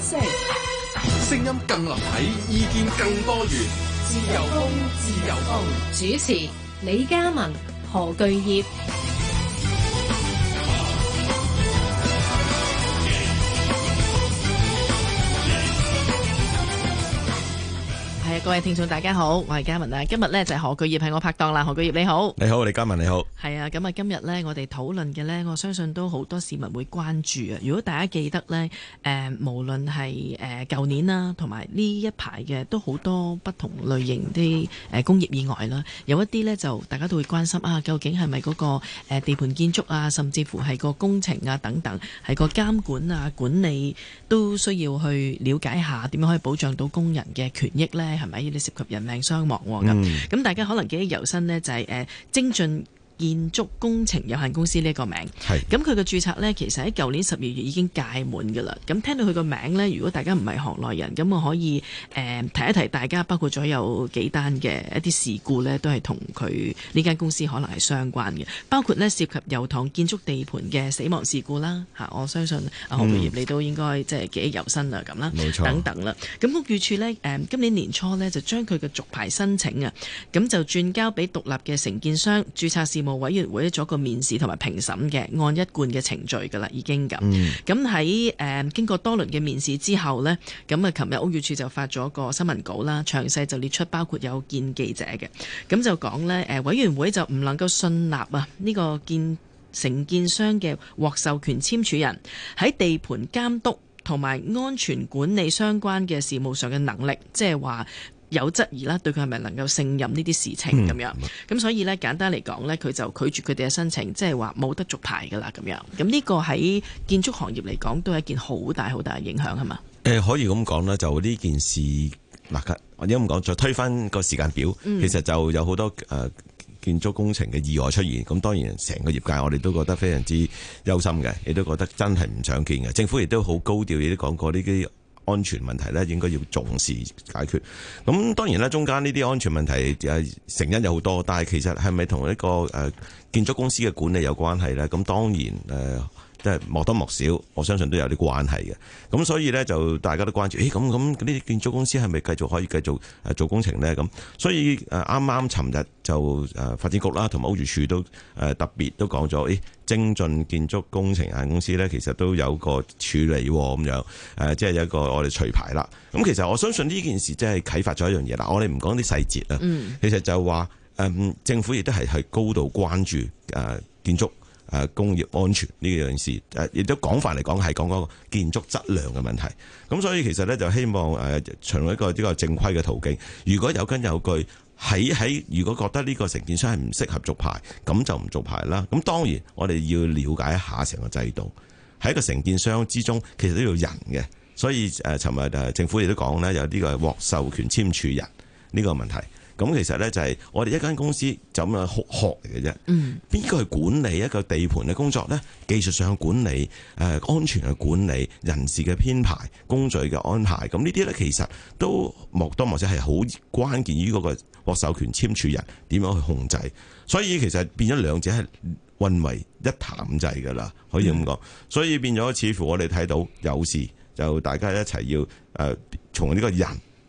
聲聲音更立體，意見更多元。自由風，自由風。主持：李嘉文、何巨業。各位聽眾大家好，我係嘉文啊，今日呢，就係何巨業係我拍檔啦，何巨業你好，你好李嘉文你好，係啊，咁啊今日呢，我哋討論嘅呢，我相信都好多市民會關注啊。如果大家記得呢，誒無論係誒舊年啦，同埋呢一排嘅都好多不同類型啲誒工業意外啦，有一啲呢，就大家都會關心啊，究竟係咪嗰個誒地盤建築啊，甚至乎係個工程啊等等，係個監管啊管理都需要去了解一下，點樣可以保障到工人嘅權益呢？係咪？所以你涉及人命傷亡喎咁，咁、嗯、大家可能記憶猶新咧就係誒精進。建築工程有限公司呢一個名，咁佢嘅註冊呢，其實喺舊年十二月已經屆滿㗎啦。咁聽到佢個名呢，如果大家唔係行內人，咁我可以誒、呃、提一提大家，包括咗有幾單嘅一啲事故呢，都係同佢呢間公司可能係相關嘅，包括呢涉及油塘建築地盤嘅死亡事故啦。吓，我相信啊洪、嗯、業你都應該即係記憶猶新啦咁啦，等等啦。咁屋宇署呢、呃，今年年初呢，就將佢嘅續牌申請啊，咁就轉交俾獨立嘅承建商註冊事務。委員會做個面試同埋評審嘅，按一貫嘅程序噶啦，已經咁。咁喺誒經過多輪嘅面試之後呢，咁、呃、啊，琴日屋宇署就發咗個新聞稿啦，詳細就列出包括有見記者嘅，咁就講呢，誒、呃，委員會就唔能夠信納啊呢、這個建承建商嘅獲授權簽署人喺地盤監督同埋安全管理相關嘅事務上嘅能力，即係話。有質疑啦，對佢係咪能夠勝任呢啲事情咁、嗯、樣？咁所以咧，簡單嚟講咧，佢就拒絕佢哋嘅申請，即係話冇得續牌㗎啦咁樣。咁呢個喺建築行業嚟講，都係一件好大好大嘅影響係嘛？誒、呃，可以咁講咧，就呢件事嗱，我而家唔講，再推翻個時間表，嗯、其實就有好多誒、呃、建築工程嘅意外出現。咁當然，成個業界我哋都覺得非常之憂心嘅，亦都覺得真係唔想見嘅。政府亦都好高調，亦都講過呢啲。安全問題咧，應該要重視解決。咁當然咧，中間呢啲安全問題啊，成因有好多，但係其實係咪同一個誒、呃、建築公司嘅管理有關係咧？咁當然誒。呃即係莫多莫少，我相信都有啲關係嘅。咁所以咧，就大家都關注，誒、哎，咁咁呢啲建築公司係咪繼續可以繼續誒做工程咧？咁所以誒啱啱尋日就誒、呃、發展局啦，同埋屋宇署都誒、呃、特別都講咗，誒、欸，精進建築工程有限公司咧，其實都有個處理咁樣誒，即係有一個我哋除牌啦。咁、呃、其實我相信呢件事即係啟發咗一樣嘢啦。我哋唔講啲細節啦，其實就話誒、嗯，政府亦都係係高度關注誒、呃、建築。誒工業安全呢樣事誒，亦都廣泛嚟講係講嗰個建築質量嘅問題。咁所以其實呢，就希望誒，循一個呢個正規嘅途徑。如果有根有據，喺喺，如果覺得呢個承建商係唔適合續牌，咁就唔續牌啦。咁當然我哋要了解一下成個制度。喺個承建商之中，其實都要人嘅。所以誒，尋日誒政府亦都講呢，有呢個獲授權簽署人呢個問題。咁其實呢，就係我哋一間公司就咁樣學學嘅啫。嗯，邊個係管理一個地盤嘅工作呢？技術上嘅管理，誒，安全嘅管理，人事嘅編排，工序嘅安排，咁呢啲呢，其實都莫多莫少係好關鍵於嗰個獲授權簽署人點樣去控制。所以其實變咗兩者係混為一談制噶啦，可以咁講。所以變咗似乎我哋睇到有事就大家一齊要誒，從呢個人。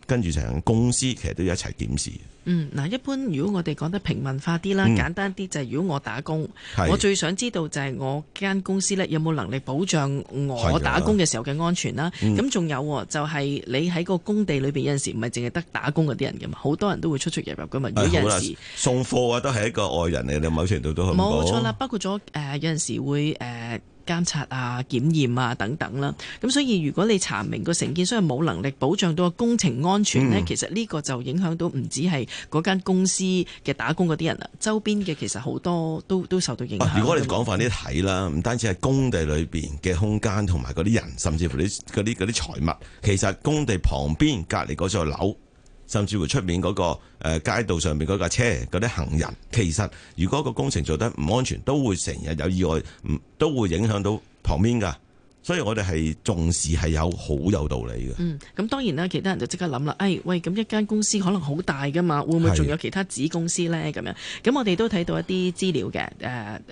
跟住成公司其實都一齊檢視。嗯，嗱，一般如果我哋講得平民化啲啦、嗯，簡單啲就係，如果我打工，我最想知道就係我間公司呢有冇能力保障我打工嘅時候嘅安全啦、啊。咁仲有、啊、就係、是、你喺個工地裏面，有陣時唔係淨係得打工嗰啲人嘅嘛，好多人都會出出入入嘅嘛。如果有陣時、哎、送貨啊，都係一個外人嚟，你某程度都去冇錯啦。包括咗、呃、有陣時會誒。呃監察啊、檢驗啊等等啦，咁所以如果你查明個承建商係冇能力保障到個工程安全呢、嗯，其實呢個就影響到唔止係嗰間公司嘅打工嗰啲人啦，周邊嘅其實好多都都受到影響。如果你廣泛啲睇啦，唔單止係工地裏邊嘅空間同埋嗰啲人，甚至乎你嗰啲嗰啲財物，其實工地旁邊隔籬嗰座樓。甚至乎出面嗰個街道上面嗰架車，嗰啲行人，其實如果個工程做得唔安全，都會成日有意外，唔都會影響到旁邊噶。所以我哋係重視係有好有道理嘅。嗯，咁當然啦，其他人就即刻諗啦，哎，喂，咁一間公司可能好大噶嘛，會唔會仲有其他子公司呢？咁樣，咁我哋都睇到一啲資料嘅，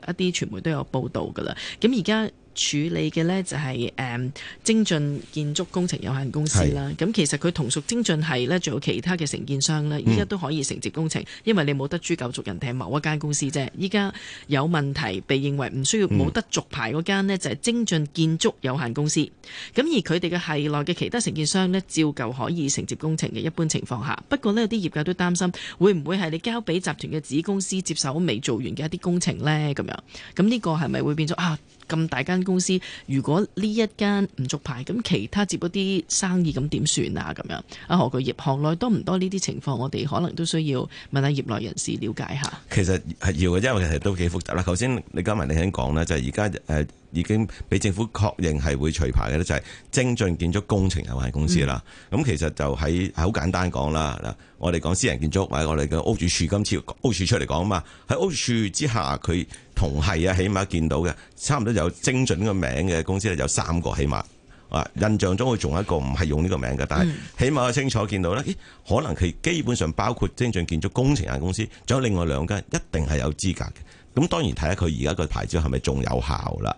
一啲傳媒都有報道噶啦。咁而家，處理嘅呢就係、是、誒、嗯、精進建築工程有限公司啦。咁其實佢同屬精進系呢，仲有其他嘅承建商呢，依家都可以承接工程，嗯、因為你冇得誅九族，人哋係某一間公司啫。依家有問題被認為唔需要冇得續牌嗰間呢、嗯，就係、是、精進建築有限公司。咁而佢哋嘅系內嘅其他承建商呢，照舊可以承接工程嘅一般情況下。不過呢，有啲業界都擔心會唔會係你交俾集團嘅子公司接手未做完嘅一啲工程呢？咁樣咁呢個係咪會變咗啊？嗯咁大間公司，如果呢一間唔續牌，咁其他接嗰啲生意，咁點算啊？咁樣，啊何佢業，行內多唔多呢啲情況？我哋可能都需要問下業內人士了解下。其實係要嘅，因為其實都幾複雜啦。頭先你加埋你肯講咧，就係而家誒已經俾政府確認係會除牌嘅咧，就係、是、精進建築工程有限公司啦。咁、嗯、其實就喺好簡單講啦。嗱，我哋講私人建築，或者我哋嘅屋宇署今次屋宇署出嚟講啊嘛。喺屋宇署之下，佢同係啊，起碼見到嘅差唔多有精進嘅名嘅公司咧，有三個起碼。啊，印象中佢仲有一個唔係用呢個名嘅，但係起碼清楚見到咧，可能佢基本上包括精進建築工程有限公司，仲有另外兩間一定係有資格嘅。咁當然睇下佢而家個牌照係咪仲有效啦。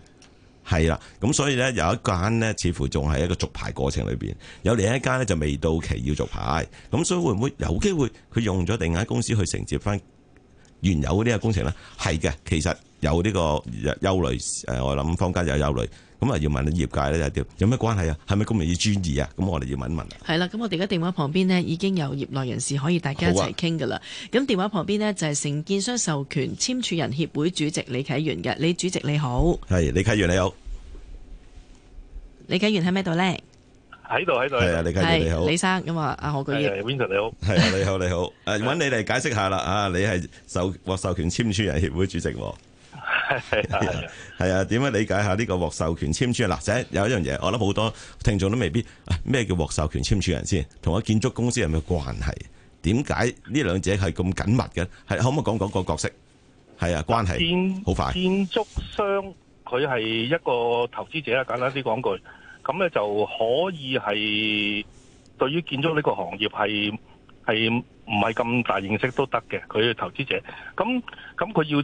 係啦，咁所以呢，有一間呢似乎仲係一個續牌過程裏邊，有另一間呢就未到期要續牌，咁所以會唔會有機會佢用咗另一間公司去承接翻原有嗰啲工程呢？係嘅，其實有呢個憂慮，誒，我諗坊間有憂慮。咁啊，要問下業界咧，有咩關係啊？係咪咁容易專業啊？咁我哋要問一問。係啦，咁我哋而家電話旁邊咧，已經有業內人士可以大家一齊傾噶啦。咁電話旁邊咧就係承建商授權簽署人協會主席李啟元嘅，李主席你好。係李啟元你好。李啟元喺咩度咧？喺度喺度。係啊，李啟元你好。李生咁啊，阿何巨業。Vincent 你好。係你好你好。誒，揾你嚟解釋下啦，啊，你係授獲授權簽署人協會主席。係啊！點、啊啊啊、樣理解下呢個獲授權簽署？嗱、啊，第一有一樣嘢，我諗好多聽眾都未必咩、啊、叫獲授權簽署人先，同一個建築公司有咩關係？點解呢兩者係咁緊密嘅？係、啊、可唔可以講講個角色？係啊，關係好快。建築商佢係一個投資者啊，簡單啲講句，咁咧就可以係對於建築呢個行業係係唔係咁大認識都得嘅，佢係投資者。咁咁佢要。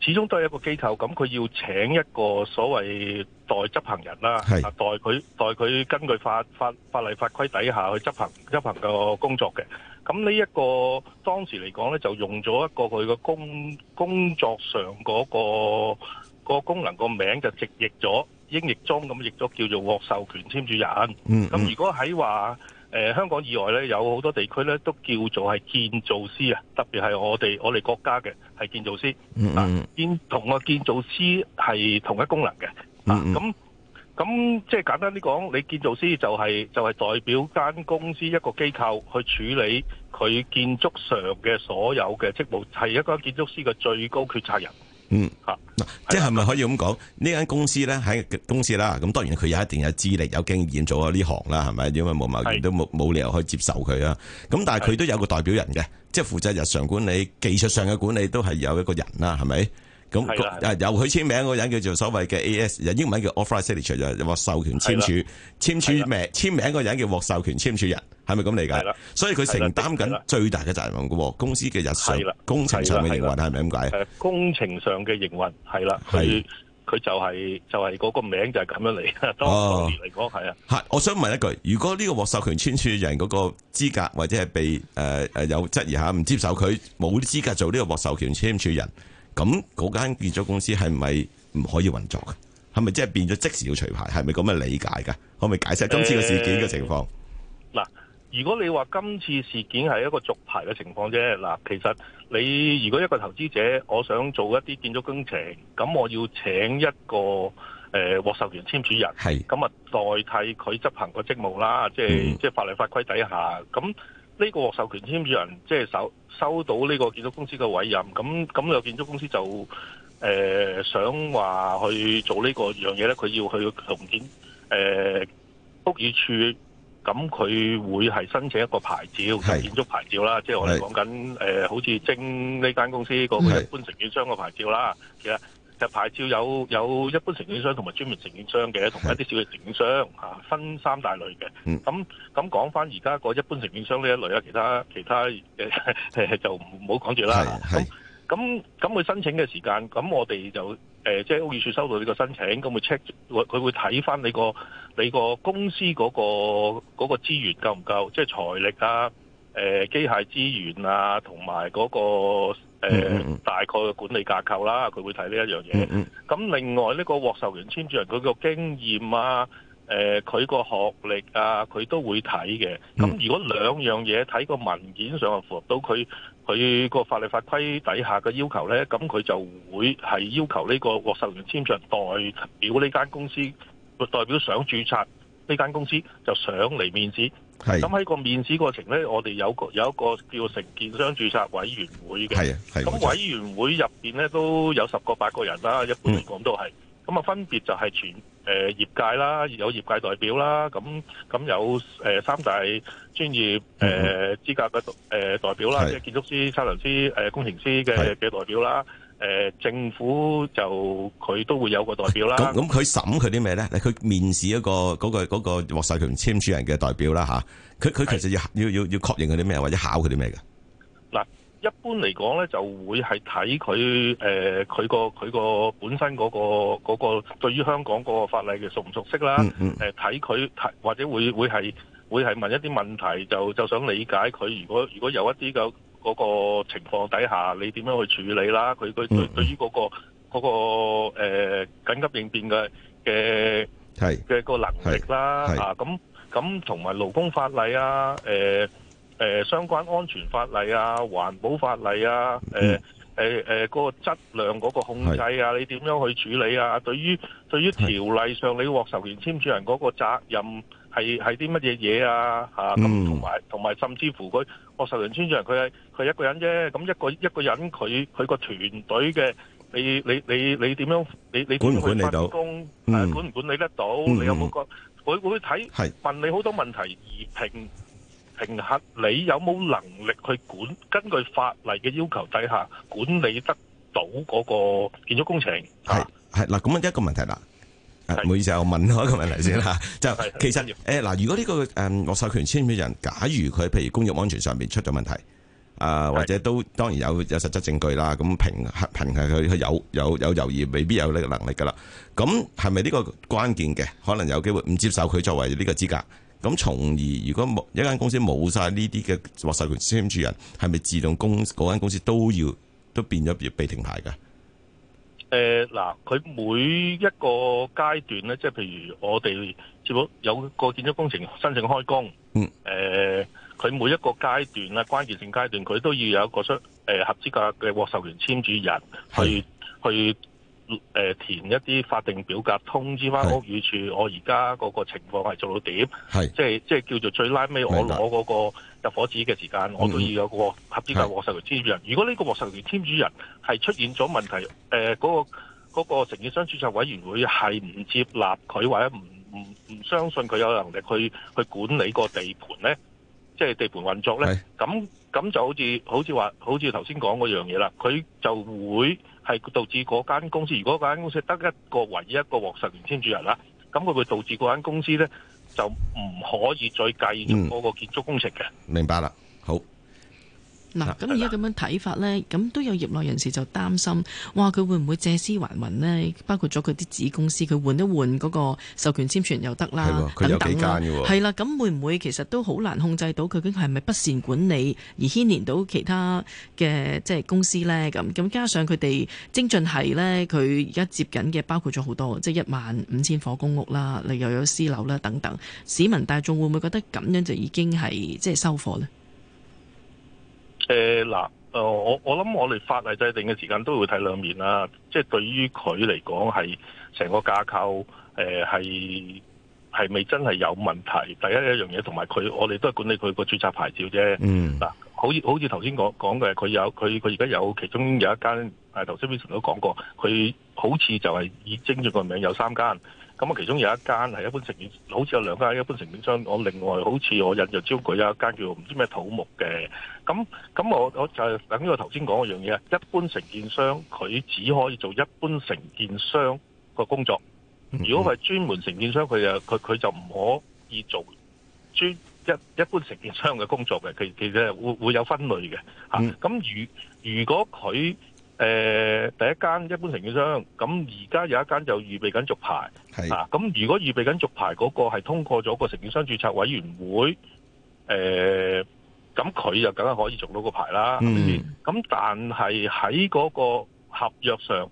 始終都係一個機構，咁佢要請一個所謂代執行人啦，係啊，代佢代佢根據法法法例法規底下去執行執行個工作嘅。咁呢一個當時嚟講咧，就用咗一個佢個工工作上嗰個個功能個名，就直譯咗英譯中咁譯咗叫做獲授權簽署人。咁如果喺話。誒、呃，香港以外咧，有好多地區咧，都叫做係建造師啊。特別係我哋我哋國家嘅係建造師，建，師、mm -hmm. 啊、建同個建造師係同一功能嘅。咁、mm、咁 -hmm. 啊、即係簡單啲講，你建造師就係、是、就係、是、代表間公司一個機構去處理佢建築上嘅所有嘅職務，係一間建築師嘅最高決策人。嗯，嗱、啊，即係咪可以咁講？呢、啊、間公司咧，喺公司啦，咁當然佢有一定嘅資歷、有經驗做咗呢行啦，係咪？因為毛茂源都冇冇理由可以接受佢啊。咁但係佢都有個代表人嘅，即係負責日常管理、技術上嘅管理都係有一個人啦，係咪？咁啊，由佢簽名個人叫做所謂嘅 A. S.，人英文叫 Authorised Signature 就話獲授權簽署簽署名簽名個人叫獲授權簽署人，係咪咁理解？係啦，所以佢承擔緊最大嘅責任噶，公司嘅日常工程上嘅營運係咪咁解？工程上嘅營運係啦，係佢就係、是、就係、是、嗰個名就係咁樣嚟。當時嚟講係啊。係、哦，我想問一句，如果呢個獲授權簽署人嗰個資格或者係被誒誒、呃、有質疑吓，唔接受佢冇啲資格做呢個獲授權簽署人？咁嗰間建築公司係咪唔可以運作嘅？係咪即係變咗即時要除牌？係咪咁嘅理解噶？可唔可以解釋今次嘅事件嘅情況？嗱、欸，如果你話今次事件係一個續牌嘅情況啫，嗱，其實你如果一個投資者，我想做一啲建築工程，咁我要請一個誒獲授權簽署人，係咁啊代替佢執行個職務啦，即係即係法例法規底下咁。嗯呢、這個獲授權簽署人，即係收收到呢個建築公司嘅委任，咁咁有建築公司就誒、呃、想話去做呢個樣嘢咧，佢要去重建誒、呃、屋宇署，咁佢會係申請一個牌照，就係、建築牌照啦，是即係我哋講緊誒，好似精呢間公司個一般承建商嘅牌照啦，其實。就牌照有有一般承建商同埋專門承建商嘅，同埋一啲小嘅承建商、啊、分三大類嘅。咁咁講翻而家個一般承建商呢一類啊，其他其他、欸、就唔好講住啦。咁咁咁佢申請嘅時間，咁我哋就誒即係屋宇署收到呢個申請，咁會 check 佢會會睇翻你個你個公司嗰個嗰個資源夠唔夠，即係財力啊。誒機械資源啊，同埋嗰個、呃、大概嘅管理架構啦，佢會睇呢一樣嘢。咁 另外呢、呢個獲授權簽署人佢個經驗啊，誒佢個學歷啊，佢都會睇嘅。咁 如果兩樣嘢睇個文件上係符合到佢佢個法律法規底下嘅要求呢，咁佢就會係要求呢個獲授權簽署人代表呢間公司，代表想註冊，呢間公司就上嚟面試，咁喺個面試過程呢，我哋有個有一個叫承建商註冊委員會嘅，咁委員會入邊呢，都有十個八個人啦，一般嚟講都係，咁、嗯、啊分別就係全誒、呃、業界啦，有業界代表啦，咁咁有誒、呃、三大專業誒資、呃、格嘅、呃、代表啦，即、嗯、建築師、測量師、工程師嘅嘅代表啦。誒、呃，政府就佢都會有個代表啦。咁咁，佢審佢啲咩咧？佢面試一個嗰、那個嗰、那個獲授權簽署人嘅代表啦，吓、啊。佢佢其實要要要要確認佢啲咩，或者考佢啲咩嘅。嗱，一般嚟講咧，就會係睇佢誒，佢、呃、個佢個本身嗰、那個嗰、那個對於香港個法例嘅熟唔熟悉啦。誒、嗯嗯，睇、呃、佢，或者會會係會係問一啲問題，就就想理解佢。如果如果有一啲嘅。嗰個情況底下，你點樣去處理啦？佢佢對於嗰、嗰個、嗯嗰個呃、緊急應變嘅嘅嘅能力啦，啊咁咁同埋勞工法例啊、呃呃、相關安全法例啊、環保法例啊、嗯呃呃嗰個質量個控制啊，你點樣去處理啊？對於對於條例上，你獲授權簽署人嗰個責任。係係啲乜嘢嘢啊？嚇，咁同埋同埋，甚至乎佢郭受良村長，佢係佢一個人啫。咁一個一個人，佢佢個團隊嘅，你你你你點樣？你你管唔管理到？管唔管理得到？你有冇個？會會睇？問你好多問題而評評核你有冇能力去管？根據法例嘅要求底下管理得到嗰個建築工程？係係嗱，咁啊一個問題啦。唔好意思，我問我一個問題先啦 就其實誒嗱、 呃，如果呢、這個誒獲授權簽署人，假如佢譬如工業安全上面出咗問題，啊、呃、或者都當然有有實質證據啦，咁憑憑係佢佢有有有猶豫，未必有呢個能力噶啦。咁係咪呢個關鍵嘅？可能有機會唔接受佢作為呢個資格。咁從而如果冇一間公司冇晒呢啲嘅獲授權簽署人，係咪自動公嗰間公司都要都變咗被停牌噶？誒、呃，嗱，佢每一個階段咧，即係譬如我哋接保有個建築工程申請開工，嗯，誒、呃，佢每一個階段咧，關鍵性階段，佢都要有一個出誒、呃、合資格嘅獲授權簽署人去、嗯、去。去誒、呃、填一啲法定表格，通知翻屋宇署。我而家嗰個情況係做到點，即係即係叫做最拉尾，我攞嗰個入伙紙嘅時間，我都要有個合資格嘅獲授權簽署人。如果呢個獲授權簽署人係出現咗問題，誒、呃、嗰、那個嗰、那個承建商註冊委員會係唔接納佢，或者唔唔唔相信佢有能力去去管理個地盤咧，即、就、係、是、地盤運作咧咁。咁就好似好似話，好似頭先講嗰樣嘢啦，佢就會係導致嗰間公司，如果嗰間公司得一個唯一一個獲授權簽署人啦，咁佢會導致嗰間公司咧就唔可以再繼續嗰個建築工程嘅、嗯。明白啦。嗱，咁而家咁樣睇法呢，咁都有業內人士就擔心，哇，佢會唔會借屍還魂呢？包括咗佢啲子公司，佢換一換嗰個授權簽署又得啦，等等啦，係啦，咁會唔會其實都好難控制到佢究竟係咪不善管理而牽連到其他嘅即係公司呢？咁咁加上佢哋精進係呢，佢而家接緊嘅包括咗好多，即係一萬五千伙公屋啦，又有，有私樓啦，等等，市民大眾會唔會覺得咁樣就已經係即係收貨呢？誒、呃、嗱、呃，我我諗我哋法例制定嘅時間都會睇兩面啦，即、就、係、是、對於佢嚟講係成個架構，誒係係咪真係有問題？第一一樣嘢，同埋佢我哋都係管理佢個註冊牌照啫。嗱、mm. 呃，好似好似頭先講講嘅，佢有佢佢而家有其中有一間，誒頭先 Vincent 都講過，佢好似就係以精進個名有三間。咁啊，其中有一間係一般承建，好似有兩間一般承建商。我另外好似我引入招攬有一間叫唔知咩土木嘅。咁咁我我就係等於我頭先講嗰樣嘢啊，一般承建商佢只可以做一般承建商個工作。如果係專門承建商，佢就佢佢就唔可以做專一一般承建商嘅工作嘅。其其實會，會有分類嘅咁、嗯啊、如如果佢誒第一間一般承建商，咁而家有一間就預備緊續牌，嗱咁、啊、如果預備緊續牌嗰個係通過咗個承建商註冊委員會，誒咁佢就梗係可以續到個牌啦。咁、嗯、但係喺嗰個合約上，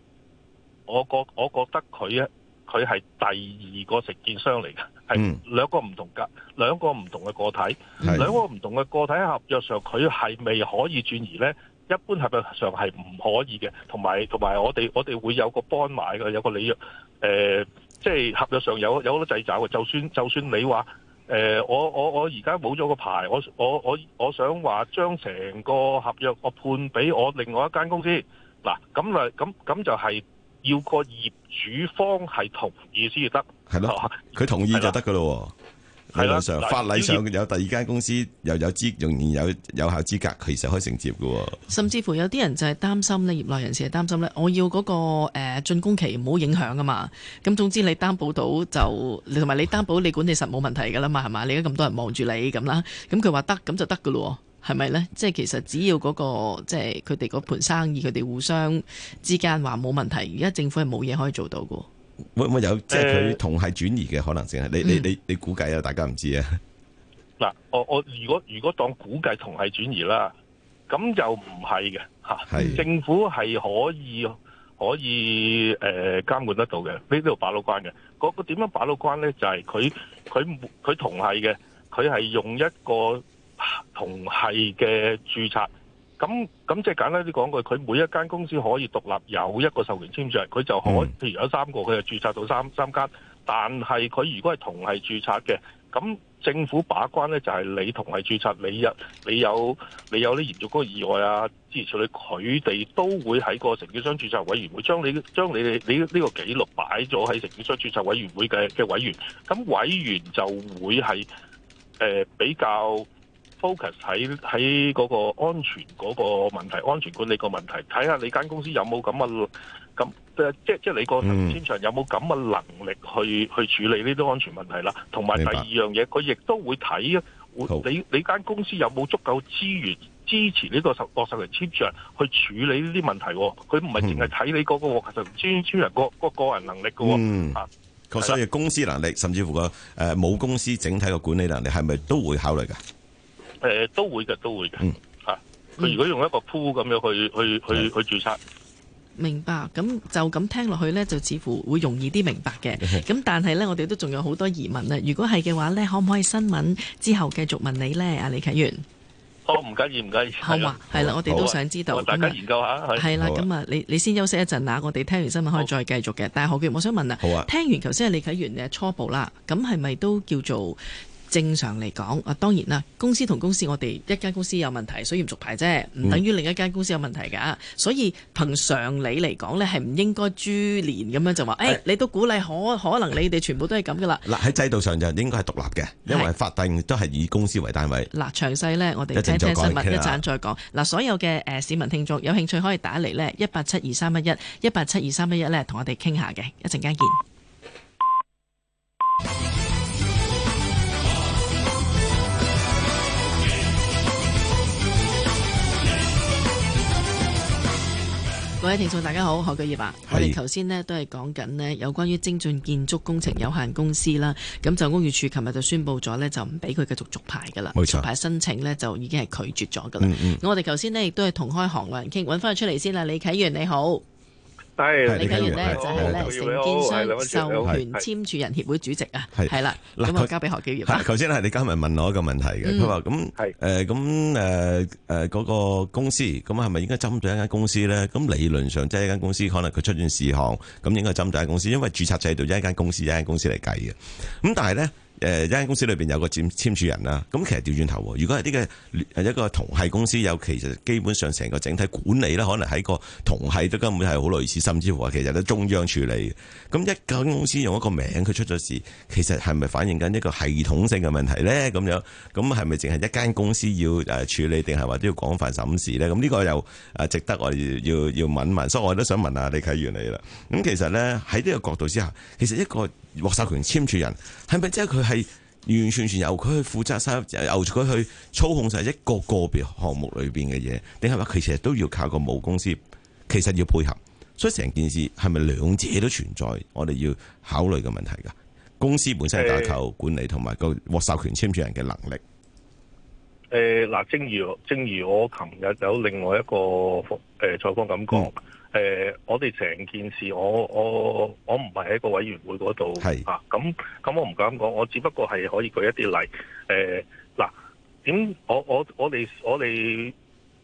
我覺得我覺得佢佢係第二個承建商嚟嘅，係、嗯、兩個唔同㗎，兩個唔同嘅個體，兩個唔同嘅個體喺合約上佢係未可以轉移呢。一般合約上係唔可以嘅，同埋同埋我哋我哋會有個幫買嘅，有個履約，誒、呃，即係合約上有有好多制裁嘅。就算就算你話誒、呃，我我我而家冇咗個牌，我我我我想話將成個合約我判俾我另外一間公司嗱，咁咁咁就係要個業主方係同意先至得，係咯，佢同意就得喇咯。法律上、法例上有第二間公司又有資，仍然有有，有有效資格，其實可以承接嘅。甚至乎有啲人就係擔心呢，業內人士係擔心呢，我要嗰、那個誒、呃、竣工期唔好影響啊嘛。咁總之你擔保到就，同埋你擔保你管理實冇問題嘅啦嘛，係嘛？你而家咁多人望住你咁啦，咁佢話得咁就得嘅咯，係咪呢？即係其實只要嗰、那個即係佢哋嗰盤生意，佢哋互相之間話冇問題。而家政府係冇嘢可以做到嘅。會唔會有即係佢同係轉移嘅可能性，呃、你你你你估計啊？大家唔知啊？嗱，我我如果如果當估計同係轉移啦，咁就唔係嘅吓。政府係可以可以誒監管得到嘅，呢度把到關嘅。嗰個點樣把到關咧？就係佢佢佢同係嘅，佢係用一個同係嘅註冊。咁咁即係簡單啲講句，佢每一間公司可以獨立有一個授權簽署人，佢就可以譬如有三個，佢就註冊到三三間。但係佢如果係同係註冊嘅，咁政府把關呢就係、是、你同係註冊，你你有你有啲嚴重嗰個意外啊，之類處理，佢哋都會喺個承建商註冊委員會將你將你將你呢呢個記錄擺咗喺承建商註冊委員會嘅嘅委員，咁委員就會係、呃、比較。focus 喺喺嗰個安全嗰個問題，安全管理個問題，睇下你間公司有冇咁嘅咁即即係你個簽署人有冇咁嘅能力去去處理呢啲安全問題啦。同埋第二樣嘢，佢亦都會睇啊，你你間公司有冇足夠資源支持呢，這個授、授權簽署人去處理呢啲問題？佢唔係淨係睇你嗰，那個其實簽署人個個人能力嘅。嗯，所以公司能力甚至乎個誒冇公司整體嘅管理能力係咪都會考慮噶？誒，都會嘅，都會嘅，吓。佢如果用一個鋪咁樣去、嗯、去去去注冊，明白。咁就咁聽落去呢，就似乎會容易啲明白嘅。咁 但係呢，我哋都仲有好多疑問咧。如果係嘅話呢，可唔可以新聞之後繼續問你呢？阿李啟元、哦，好唔介意，唔介意。好啊，係啦、啊，我哋都想知道，啊、大家研究下。係啦，咁啊，啊啊你你先休息一陣啦。我哋聽完新聞可以再繼續嘅。但係我想問啊，好聽完頭先係李啟元嘅初步啦，咁係咪都叫做？正常嚟講，啊當然啦，公司同公司，我哋一間公司有問題，所以唔續牌啫，唔等於另一間公司有問題㗎、嗯。所以憑常理嚟講咧，係唔應該株連咁樣就話，誒、欸哎、你都鼓勵可可能你哋全部都係咁㗎啦。嗱，喺制度上就應該係獨立嘅，因為法定都係以公司為單位。嗱，詳細呢，我哋聽聽新聞，一陣再講。嗱，所有嘅誒市民聽眾有興趣可以打嚟呢, 1872311, 1872311呢一八七二三一一，一八七二三一一呢，同我哋傾下嘅，一陣間見。各位聽眾，大家好，何巨業啊，我哋頭先呢都係講緊呢有關於精進建築工程有限公司啦。咁就屋宇署琴日就宣布咗呢，就唔俾佢繼續續牌噶啦，續牌申請呢就已經係拒絕咗噶啦。咁、嗯嗯、我哋頭先呢亦都係同開行個人傾，搵翻佢出嚟先啦。李啟元你好。係，李啟元咧，就係咧，承建商授權簽署人協會主席啊，係啦，咁啊交俾何紀業。吓，頭先係李嘉文問我一個問題嘅，佢話咁，誒，咁誒，誒，嗰個公司，咁係咪應該針對一間公司咧？咁理論上，即係一間公司，可能佢出現事項，咁應該針對一間公司，因為註冊制度，一間公司一間公司嚟計嘅。咁但係咧。誒一間公司裏面有個簽署人啦，咁其實調轉頭喎。如果係呢個一個同系公司，有其實基本上成個整體管理啦，可能喺個同系都根本係好類似，甚至乎啊，其實都中央處理。咁一間公司用一個名，佢出咗事，其實係咪反映緊一個系統性嘅問題呢？咁樣咁係咪淨係一間公司要誒處理，定係話都要廣泛審視呢？咁呢個又值得我哋要要問問。所以我都想問下李啟元你啦。咁其實呢，喺呢個角度之下，其實一個。獲授權簽署人係咪即係佢係完完全全由佢去負責，由由佢去操控曬一個個別項目裏邊嘅嘢，定係話佢其實都要靠個母公司，其實要配合，所以成件事係咪兩者都存在，我哋要考慮嘅問題㗎？公司本身係打購管理，同埋個獲授權簽署人嘅能力。誒，嗱，正如正如我琴日有另外一個誒採訪感覺，我哋成件事，我我我唔係喺個委員會嗰度，咁咁、啊、我唔敢講，我只不過係可以舉一啲例，嗱、呃、點、呃、我我我哋我哋、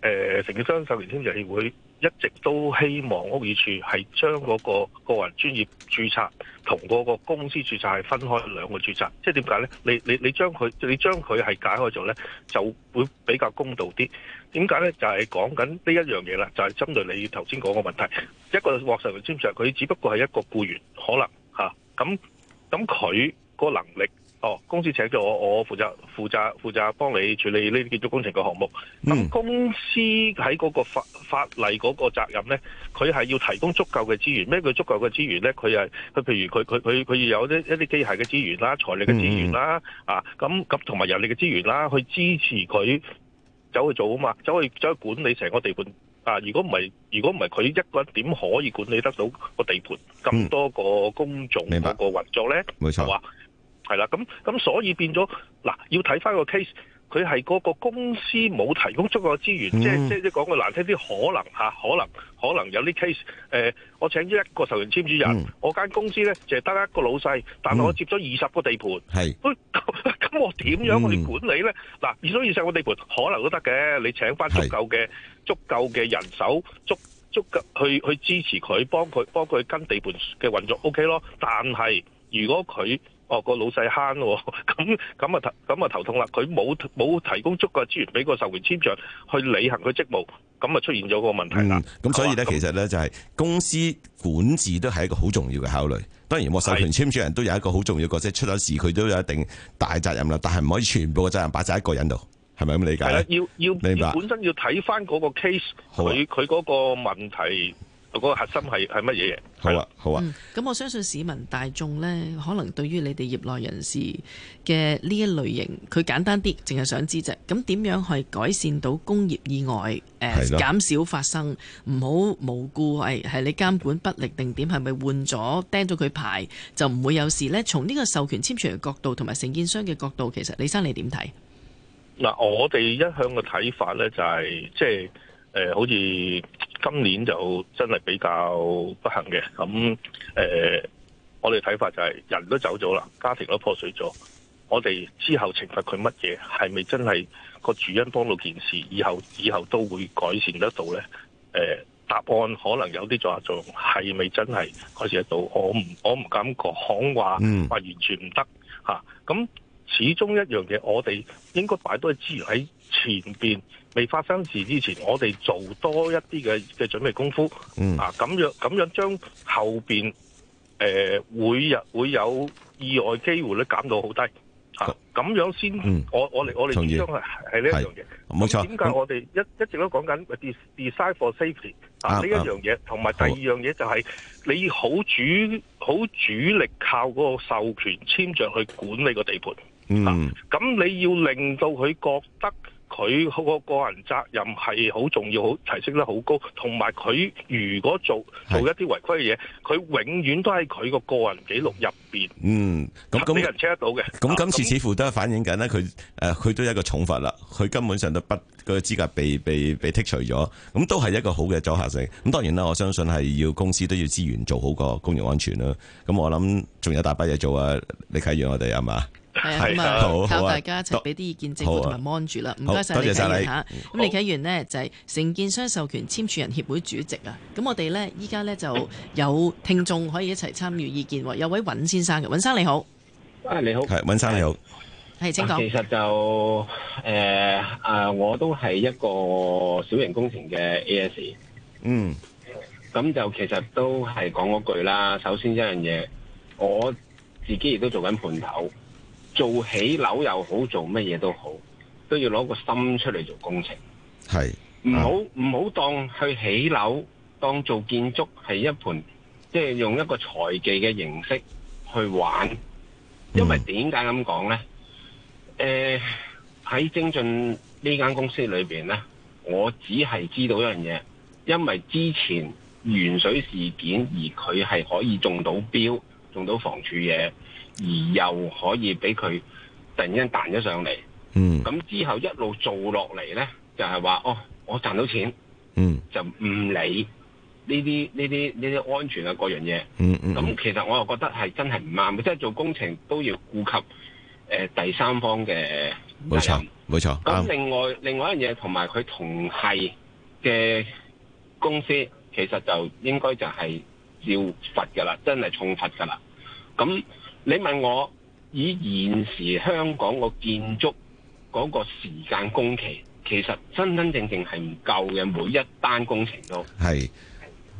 呃、承建商授權簽署人協會。一直都希望屋宇署係將嗰個個人專業註冊同嗰個公司註冊係分開兩個註冊，即係點解呢？你你將將佢你將佢係解開咗呢，就會比較公道啲。點解呢？就係、是、講緊呢一樣嘢啦，就係針對你頭先講個問題。一個獲授權簽署人，佢只不過係一個僱員，可能嚇咁咁佢個能力。哦，公司請咗我，我負責負責負責幫你處理呢啲建築工程嘅項目。咁、嗯、公司喺嗰個法法例嗰個責任咧，佢係要提供足夠嘅資源。咩叫足夠嘅資源咧？佢係佢譬如佢佢佢佢要有啲一啲機械嘅資源啦、財力嘅資源啦、嗯、啊咁咁同埋人力嘅資源啦，去支持佢走去做啊嘛，走去走去管理成個地盤啊！如果唔係如果唔係佢一個人點可以管理得到個地盤咁多個工種嗰個運作咧？冇錯啊！係啦，咁咁所以變咗嗱，要睇翻個 case，佢係嗰個公司冇提供足夠嘅資源，嗯、即即即講句難聽啲，可能吓、啊，可能可能有啲 case、呃。誒，我請咗一個授權簽署人，嗯、我間公司咧就係得一個老細，但我接咗二十個地盤，係、嗯，咁、哎、我點樣去管理咧？嗱、嗯，二十二十個地盤可能都得嘅，你請翻足夠嘅足夠嘅人手，足足夠去去支持佢，幫佢幫佢跟地盤嘅運作，OK 咯。但係如果佢哦，個老細慳喎，咁咁啊頭咁啊頭痛啦，佢冇冇提供足夠資源俾個授權簽署去履行佢職務，咁啊出現咗個問題啦。咁、嗯、所以咧、嗯，其實咧、嗯、就係、是、公司管治都係一個好重要嘅考慮。當然，獲授權簽署人都有一個好重要角色，即係出咗事佢都有一定大責任啦。但係唔可以全部嘅責任擺晒一個人度，係咪咁理解？係啦，要要明白本身要睇翻嗰個 case，佢佢嗰個問題。嗰、那個核心係係乜嘢？好啦，好啊。咁、啊嗯、我相信市民大眾呢，可能對於你哋業內人士嘅呢一類型，佢簡單啲，淨係想知啫。咁點樣去改善到工業意外？誒、呃，減少發生，唔好無故係係你監管不力定點，係咪換咗釘咗佢牌就唔會有事呢？從呢個授權簽署嘅角度同埋承建商嘅角度，其實李生你點睇嗱？我哋一向嘅睇法呢、就是，就係即係。誒、呃，好似今年就真係比較不幸嘅，咁、嗯、誒、呃，我哋睇法就係人都走咗啦，家庭都破碎咗，我哋之後懲罰佢乜嘢，係咪真係個主因幫到件事？以後以後都會改善得到咧？誒、呃，答案可能有啲話仲係咪真係改善得到我？我唔我唔敢講，話話完全唔得吓咁。啊嗯始終一樣嘢，我哋應該擺多啲資源喺前邊，未發生事之前，我哋做多一啲嘅嘅準備功夫，嗯、啊咁樣咁樣將後邊誒、呃、會入會有意外機會率減到好低啊，咁樣先、嗯，我我我哋始終係係呢一樣嘢，冇錯。點解我哋一、嗯、一直都講緊 design for safety 啊呢、啊、一樣嘢，同、啊、埋第二樣嘢就係、是、你好主好主力靠嗰個授權簽署人去管理個地盤。嗯，咁你要令到佢覺得佢個個人責任係好重要，好提升得好高，同埋佢如果做做一啲違規嘅嘢，佢永遠都喺佢個個人記錄入邊。嗯，咁咁俾人 check 到嘅。咁今次似乎都係反映緊咧，佢誒佢都有一個重罰啦，佢根本上都不個資格被被被剔除咗。咁都係一個好嘅阻嚇性。咁當然啦，我相信係要公司都要資源做好個工業安全啦。咁我諗仲有大把嘢做啊！你睇住我哋係嘛？係啊，咁啊靠、啊、大家一齊俾啲意見，政府同埋 mon 住啦。唔該晒李啟元吓，咁李啟元呢，就係承建商授權簽署人協會主席啊。咁我哋咧依家咧就有聽眾可以一齊參與意見。有位尹先生嘅，尹生你好，你好，係尹生你好，係請講。其實就誒啊、呃，我都係一個小型工程嘅 AS，嗯，咁就其實都係講嗰句啦。首先一樣嘢，我自己亦都做緊盤頭。做起樓又好，做乜嘢都好，都要攞個心出嚟做工程。係，唔好唔好當去起樓，當做建築係一盤，即係用一個財技嘅形式去玩。因為點解咁講呢？誒、嗯，喺、呃、精進呢間公司裏邊呢，我只係知道一樣嘢，因為之前元水事件，而佢係可以中到標，中到房署嘢。而又可以俾佢突然間彈咗上嚟，咁、嗯、之後一路做落嚟呢，就係、是、話哦，我賺到錢，嗯、就唔理呢啲呢啲呢啲安全嘅各樣嘢。咁、嗯嗯、其實我又覺得係真係唔啱，即、就、係、是、做工程都要顧及、呃、第三方嘅。冇錯，冇錯。咁另外另外一樣嘢，同埋佢同係嘅公司，其實就應該就係照罰㗎喇，真係重罰㗎喇。咁你問我以現時香港個建築嗰個時間工期，其實真真正正係唔夠嘅，每一單工程都係。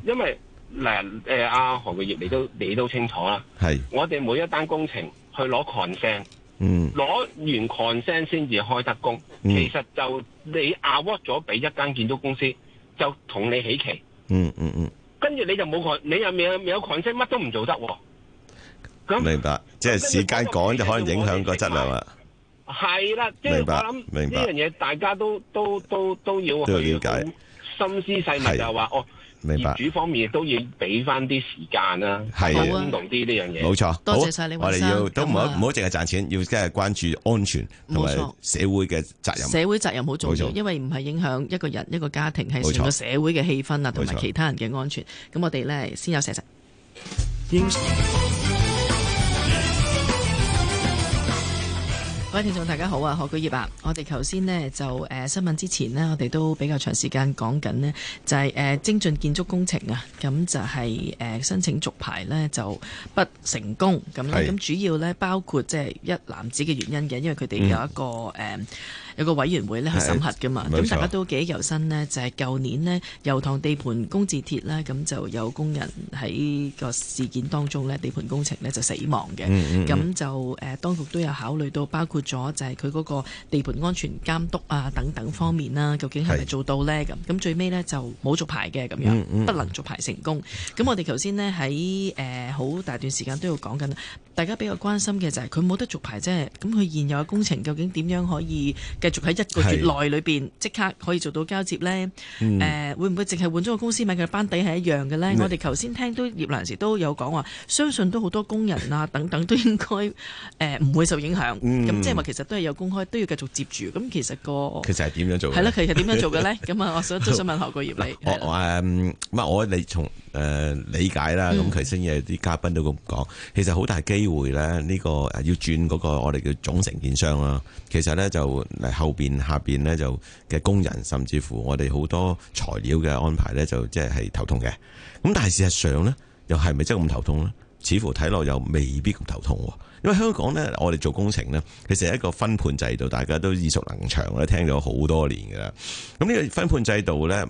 因為嗱，誒阿何嘅業你都你都清楚啦。係，我哋每一單工程去攞 consent，嗯，攞完 consent 先至開得工。其實就你 award 咗俾一間建築公司，就同你起期。嗯嗯嗯。跟住你就冇 con，你又未有未有 consent，乜都唔做得喎。明白，即係時間趕就可能影響個質量啦。係啦，我諗呢樣嘢大家都都都都要去深思細密，就話哦，業主方面都要俾翻啲時間啦，寬容啲呢樣嘢。冇錯，多謝晒你，黃生。我哋要都唔好唔好淨係賺錢，要即係關注安全同埋社會嘅責任。社會責任好重要，因為唔係影響一個人一個家庭，係成個社會嘅氣氛啦，同埋其他人嘅安全。咁我哋咧先有成成。各位聽眾，大家好啊！何居業啊，我哋頭先呢，就誒、呃、新聞之前呢，我哋都比較長時間講緊呢，就係、是、誒、呃、精進建築工程啊，咁就係、是、誒、呃、申請續牌呢，就不成功咁，咁主要呢，包括即係一男子嘅原因嘅，因為佢哋有一個誒。嗯呃有個委員會咧去審核㗎嘛，咁大家都記憶猶新呢，就係、是、舊年呢，油塘地盤工字鐵啦咁就有工人喺個事件當中呢，地盤工程呢就死亡嘅，咁、嗯嗯、就誒、呃、當局都有考慮到包括咗就係佢嗰個地盤安全監督啊等等方面啦、啊，究竟係咪做到呢？咁，咁最尾呢，就冇續牌嘅咁樣、嗯嗯，不能續牌成功。咁我哋頭先呢，喺、呃、好大段時間都要講緊，大家比較關心嘅就係佢冇得續牌啫，咁佢現有工程究竟點樣可以？繼續喺一個月內裏邊即刻可以做到交接咧，誒、嗯呃、會唔會淨係換咗個公司名嘅班底係一樣嘅咧、嗯？我哋頭先聽到葉蘭時都有講話，相信都好多工人啊等等都應該誒唔、呃、會受影響，咁、嗯、即係話其實都係有公開都要繼續接住。咁其實個其實係點樣做？係啦，其實點樣做嘅咧？咁啊， 我想想問下個葉麗。我、嗯、我唔我你從。誒、呃，理解啦，咁頭先有啲嘉賓都咁講，其實好大機會咧，呢個誒要轉嗰個我哋叫總承建商啦。其實咧就後邊下邊咧就嘅工人，甚至乎我哋好多材料嘅安排咧，就即係係頭痛嘅。咁但係事實上咧，又係咪真係咁頭痛咧？似乎睇落又未必咁頭痛。因為香港呢，我哋做工程呢，其實係一個分判制度，大家都耳熟能詳，我都聽咗好多年噶啦。咁呢個分判制度呢，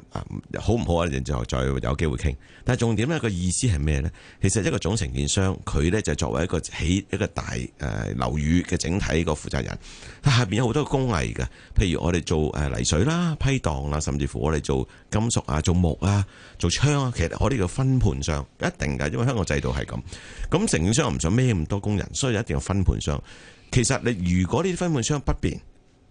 好唔好啊？然之後再有機會傾。但係重點呢，個意思係咩呢？其實一個總承建商，佢呢就作為一個起一個大誒樓宇嘅整體個負責人，下邊有好多工藝嘅，譬如我哋做誒泥水啦、批盪啦，甚至乎我哋做金屬啊、做木啊、做窗啊，其實我呢個分判上一定噶，因為香港制度係咁。咁承建商唔想孭咁多工人，所以。一定要分盤商，其實你如果呢啲分盤商不變，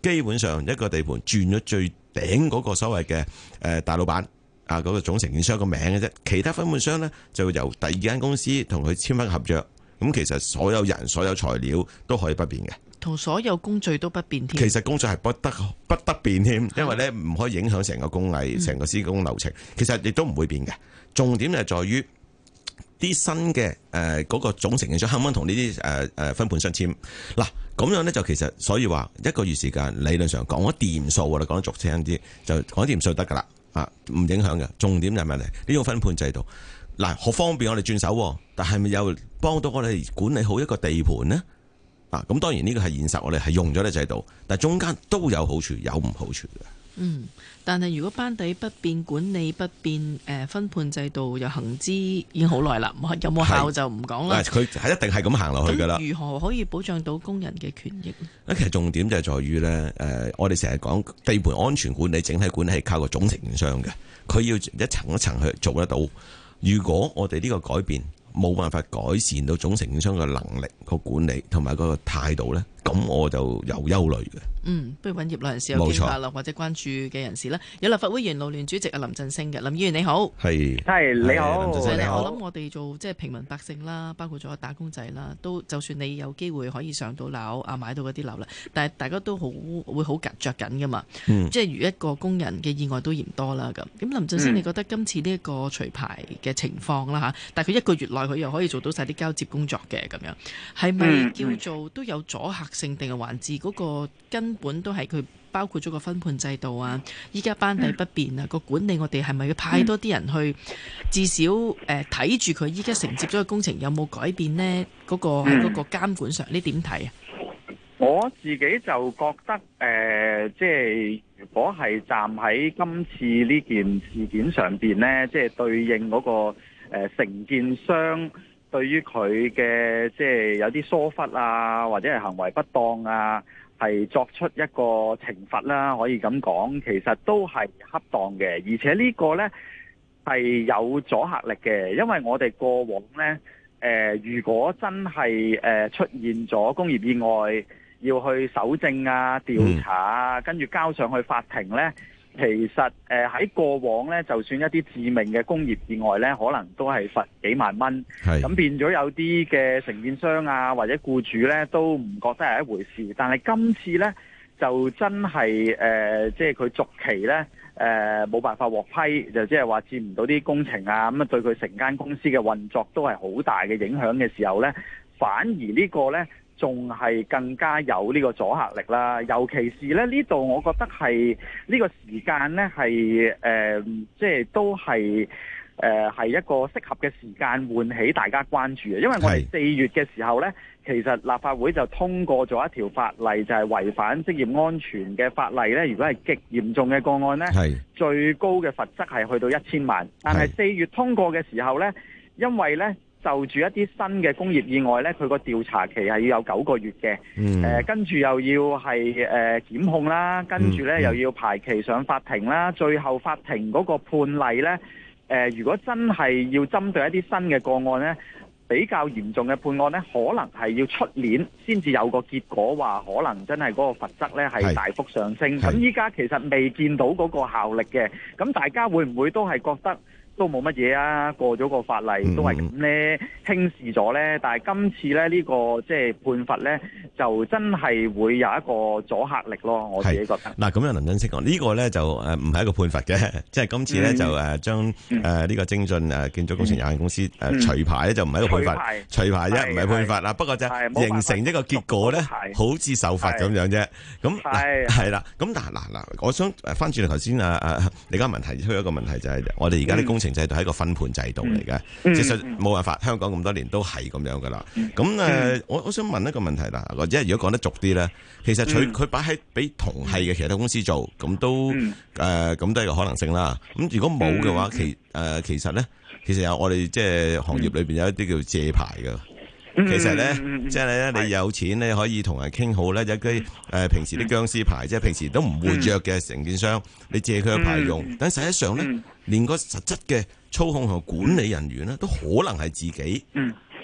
基本上一個地盤轉咗最頂嗰個所謂嘅誒大老闆啊嗰個總承建商個名嘅啫，其他分盤商呢，就由第二間公司同佢簽翻合約，咁其實所有人所有材料都可以不變嘅，同所有工序都不變添。其實工序係不得不得變添，因為呢唔可以影響成個工藝、成個施工流程。其實亦都唔會變嘅，重點係在於。啲新嘅誒嗰個總承建商肯唔肯同呢啲誒誒分判相簽？嗱，咁樣咧，就其實所以話一個月時間理論上講，講一掂數，我哋講得俗清啲就講掂數得㗎啦，啊，唔影響嘅。重點就係乜嘢呢？呢個分判制度嗱，好、啊、方便我哋轉手，但係咪有幫到我哋管理好一個地盤呢？啊，咁當然呢個係現實，我哋係用咗呢制度，但係中間都有好處有唔好處嘅。嗯，但係如果班底不變，管理不變，誒，分判制度又行之已經好耐啦。有冇效就唔講啦。佢係一定係咁行落去噶啦。如何可以保障到工人嘅權益？其實重點就係在於呢。誒，我哋成日講地盤安全管理整體管理，係靠個總承建商嘅，佢要一層一層去做得到。如果我哋呢個改變冇辦法改善到總承建商嘅能力、個管理同埋個態度呢，咁我就有憂慮嘅。嗯，不如揾業內人士有見解啦，或者關注嘅人士啦。有立法會議員勞聯主席啊林振昇嘅，林議員你好。係，係你，你，你好。我諗我哋做即係平民百姓啦，包括咗打工仔啦，都就算你有機會可以上到樓啊，買到嗰啲樓啦，但係大家都好會好夾着緊噶嘛。嗯，即係如一個工人嘅意外都嫌多啦咁。咁林振昇，你覺得今次呢一個除牌嘅情況啦吓，但係佢一個月內佢又可以做到晒啲交接工作嘅咁樣，係咪叫做都有阻嚇性定係還至嗰個跟？根本都係佢包括咗個分判制度啊！依家班底不變啊，個、嗯、管理我哋係咪要派多啲人去？嗯、至少誒睇住佢依家承接咗個工程有冇改變呢嗰、嗰個喺、嗯嗰個監管上，你點睇啊？我自己就覺得誒、呃，即係如果係站喺今次呢件事件上邊咧，即係對應嗰、嗰個誒承、呃、建商對於佢嘅即係有啲疏忽啊，或者係行為不當啊。係作出一個懲罰啦，可以咁講，其實都係恰當嘅，而且呢個呢係有阻嚇力嘅，因為我哋過往呢，誒、呃、如果真係誒出現咗工業意外，要去搜證啊、調查啊，跟住交上去法庭呢。其實誒喺、呃、過往呢，就算一啲致命嘅工業意外呢，可能都係罰幾萬蚊。咁變咗有啲嘅承建商啊，或者僱主呢，都唔覺得係一回事。但係今次呢，就真係誒、呃，即係佢續期呢，誒、呃、冇辦法獲批，就即係話接唔到啲工程啊，咁啊對佢成間公司嘅運作都係好大嘅影響嘅時候呢，反而呢個呢。仲係更加有呢個阻嚇力啦，尤其是咧呢度，我覺得係呢個時間咧係誒即係都係誒係一個適合嘅時間喚起大家關注嘅，因為我哋四月嘅時候咧，其實立法會就通過咗一條法例，就係、是、違反職業安全嘅法例咧。如果係極嚴重嘅個案咧，最高嘅罰則，係去到一千萬，但係四月通過嘅時候咧，因為咧。就住一啲新嘅工業意外咧，佢個調查期係要有九個月嘅。誒、嗯呃，跟住又要係誒、呃、檢控啦，跟住咧、嗯、又要排期上法庭啦。最後法庭嗰個判例咧，誒、呃、如果真係要針對一啲新嘅個案咧，比較嚴重嘅判案咧，可能係要出年先至有個結果，話可能真係嗰個罰則咧係大幅上升。咁依家其實未見到嗰個效力嘅，咁大家會唔會都係覺得？都冇乜嘢啊，過咗個法例都係咁咧，輕視咗咧。但係今次咧呢個即係判罰咧，就真係會有一個阻嚇力咯。我自己覺得。嗱，咁樣林振昇講呢個咧就誒唔係一個判罰嘅，即係今次咧就誒將誒呢個精進誒、嗯、建築工程有限公司誒除、嗯、牌咧就唔係一個判罰除牌啫唔係判罰啦。不過就形成一個結果咧，好似受罰咁樣啫。咁係係啦。咁但係嗱嗱，我想誒翻轉頭先啊啊李嘉文提出一個問題就係、是、我哋而家啲工程。制度係一個分判制度嚟嘅，其實冇辦法。香港咁多年都係咁樣噶啦。咁誒，我我想問一個問題啦，或者如果講得俗啲咧，其實佢佢擺喺俾同系嘅其他公司做，咁都誒，咁、嗯呃、都係個可能性啦。咁如果冇嘅話，其誒、呃、其實咧，其實有我哋即係行業裏邊有一啲叫借牌嘅。嗯、其實咧，即係咧，你有錢咧可以同人傾好咧，就啲誒平時啲殭屍牌，即係平時都唔會着嘅承建商，你借佢牌用。但實質上咧，連個實質嘅操控同管理人員咧，都可能係自己，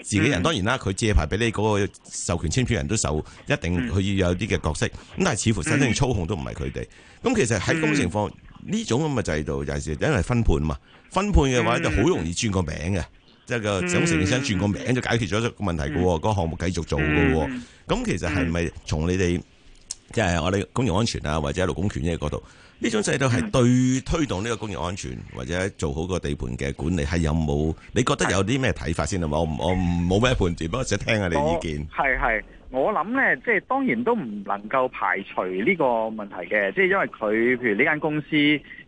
自己人。當然啦，佢借牌俾你嗰、嗰個授權簽署人都受一定，佢要有啲嘅角色。咁但係似乎真正操控都唔係佢哋。咁其實喺咁嘅情況，呢、嗯、種咁嘅制度就係因為分判啊嘛，分判嘅話就好容易轉個名嘅。即係個總承建商轉個名，就解決咗個問題㗎喎，個項目繼續做㗎喎。咁其實係咪從你哋即係我哋工業安全啊，或者勞工權益嗰度，呢種制度係對推動呢個工業安全或者做好個地盤嘅管理係有冇？你覺得有啲咩睇法先啊？我我冇咩判斷，不過想聽下你意見。係係，我諗咧，即係當然都唔能夠排除呢個問題嘅，即係因為佢譬如呢間公司。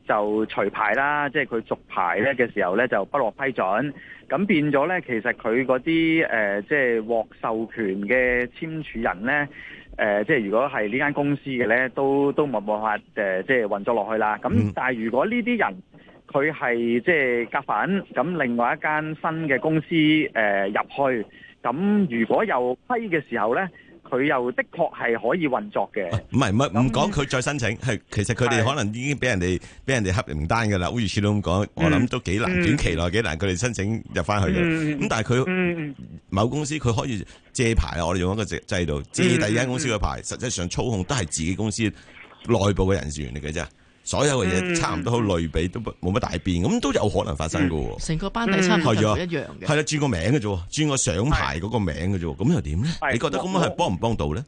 就除牌啦，即係佢續牌咧嘅時候咧就不獲批准，咁變咗咧其實佢嗰啲即係獲授權嘅簽署人咧、呃，即係如果係呢間公司嘅咧，都都冇辦法、呃、即係運作落去啦。咁但係如果呢啲人佢係即係夾份，咁另外一間新嘅公司誒入、呃、去，咁如果又批嘅時候咧？佢又的確係可以運作嘅，唔係唔係唔講佢再申請，係其實佢哋可能已經俾人哋俾人哋黑名單㗎啦，好似都咁講，我諗、嗯、都幾難，嗯、短期內幾難佢哋申請入翻去嘅。咁、嗯、但係佢、嗯、某公司佢可以借牌啊，我哋用一個制度借第二間公司嘅牌、嗯，實際上操控都係自己公司內部嘅人事員嚟嘅啫。所有嘅嘢差唔多好類比，嗯、都冇乜大變，咁都有可能發生嘅喎。成、嗯、個班底差唔多一樣嘅，係啦，轉個名嘅啫喎，轉個上牌嗰個名嘅啫喎，咁又點咧？你覺得咁樣係幫唔幫到咧？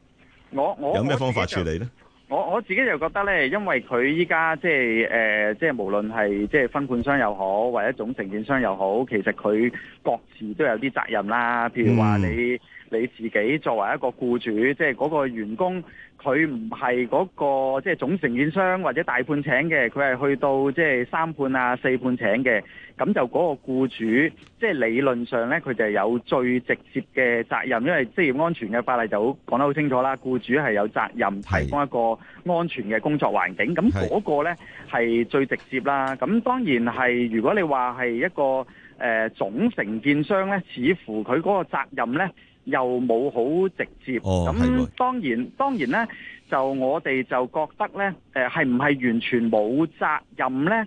我我有咩方法處理咧？我我，我自己又覺得咧，因為佢依家即係誒，即係無論係即係分判商又好，或者總承建商又好，其實佢各自都有啲責任啦。譬如話你、嗯、你自己作為一個僱主，即係嗰個員工。佢唔係嗰個即係總承建商或者大判請嘅，佢係去到即係三判啊四判請嘅，咁就嗰個僱主即係理論上咧，佢就有最直接嘅責任，因為職業安全嘅法例就好講得好清楚啦，僱主係有責任提供一個安全嘅工作環境，咁嗰個咧係最直接啦。咁當然係，如果你話，係一個誒、呃、總承建商咧，似乎佢嗰個責任咧。又冇好直接，咁當然、哦、當然咧，就我哋就覺得咧，誒，係唔係完全冇責任咧？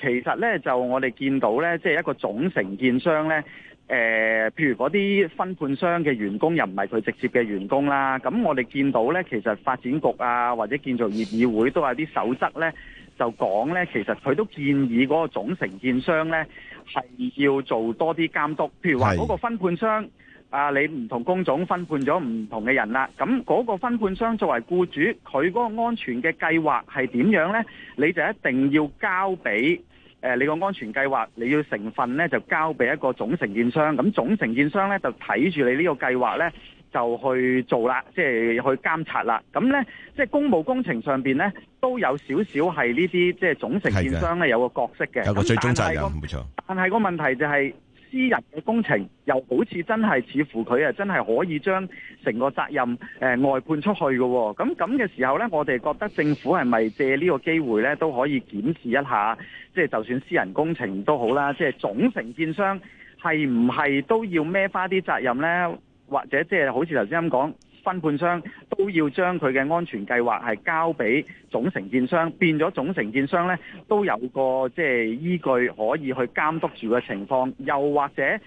其實咧，就我哋見到咧，即、就、係、是、一個總承建商咧，誒、呃，譬如嗰啲分判商嘅員工，又唔係佢直接嘅員工啦。咁我哋見到咧，其實發展局啊，或者建造業議會都有啲守則咧，就講咧，其實，佢都建議嗰個總承建商咧係要做多啲監督，譬如話嗰個分判商。.啊！你唔同工種分判咗唔同嘅人啦，咁嗰個分判商作為雇主，佢嗰個安全嘅計劃係點樣呢？你就一定要交俾誒、呃、你個安全計劃，你要成份呢就交俾一個總承建商。咁總承建商呢就睇住你呢個計劃呢，就去做啦，即係去監察啦。咁呢，即係公務工程上邊呢，都有少少係呢啲，即係總承建商呢有個角色嘅，有個最終責任冇錯。但係個，個問題就係。私人嘅工程又好似真係似乎佢啊，真係可以將成個責任誒外判出去嘅哦。咁咁嘅時候咧，我哋覺得政府係咪借呢個機會咧，都可以檢視一下，即係就算私人工程都好啦，即係總承建商係唔係都要孭翻啲責任咧？或者即係好似頭先咁講。分判商都要將佢嘅安全計劃係交俾總承建商，變咗總承建商咧都有個即係依據可以去監督住嘅情況，又或者誒、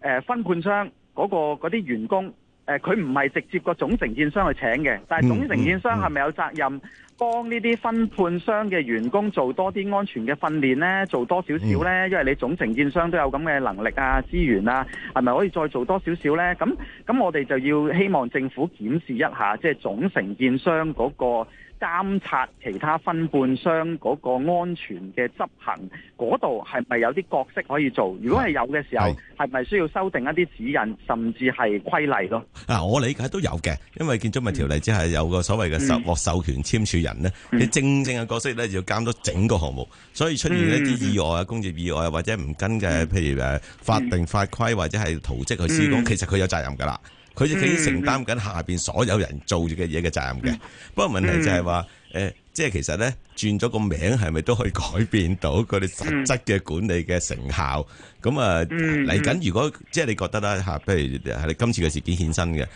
呃、分判商嗰、嗰個嗰啲員工誒佢唔係直接個總承建商去請嘅，但係總承建商係咪有責任？嗯嗯幫呢啲分判商嘅員工做多啲安全嘅訓練呢，做多少少呢？因為你總承建商都有咁嘅能力啊、資源啊，係咪可以再做多少少呢？咁咁我哋就要希望政府檢視一下，即係總承建商嗰個。監察其他分判商嗰個安全嘅執行，嗰度係咪有啲角色可以做？如果係有嘅時候，係咪需要修訂一啲指引，甚至係規例咯？嗱、啊，我理解都有嘅，因為建築物條例只係有個所謂嘅受獲授權簽署人咧、嗯，你正正嘅角色咧就要監督整個項目，所以出現一啲意外啊、工業意外啊，或者唔跟嘅，譬如誒法定法規或者係圖則去施工、嗯，其實佢有責任㗎啦。佢哋已經承擔緊下面所有人做住嘅嘢嘅責任嘅、嗯，不過問題就係話、嗯呃、即係其實咧轉咗個名，係咪都可以改變到佢哋實質嘅管理嘅成效？咁啊嚟緊，如果即係你覺得啦嚇，譬如係你今次嘅事件衍生嘅，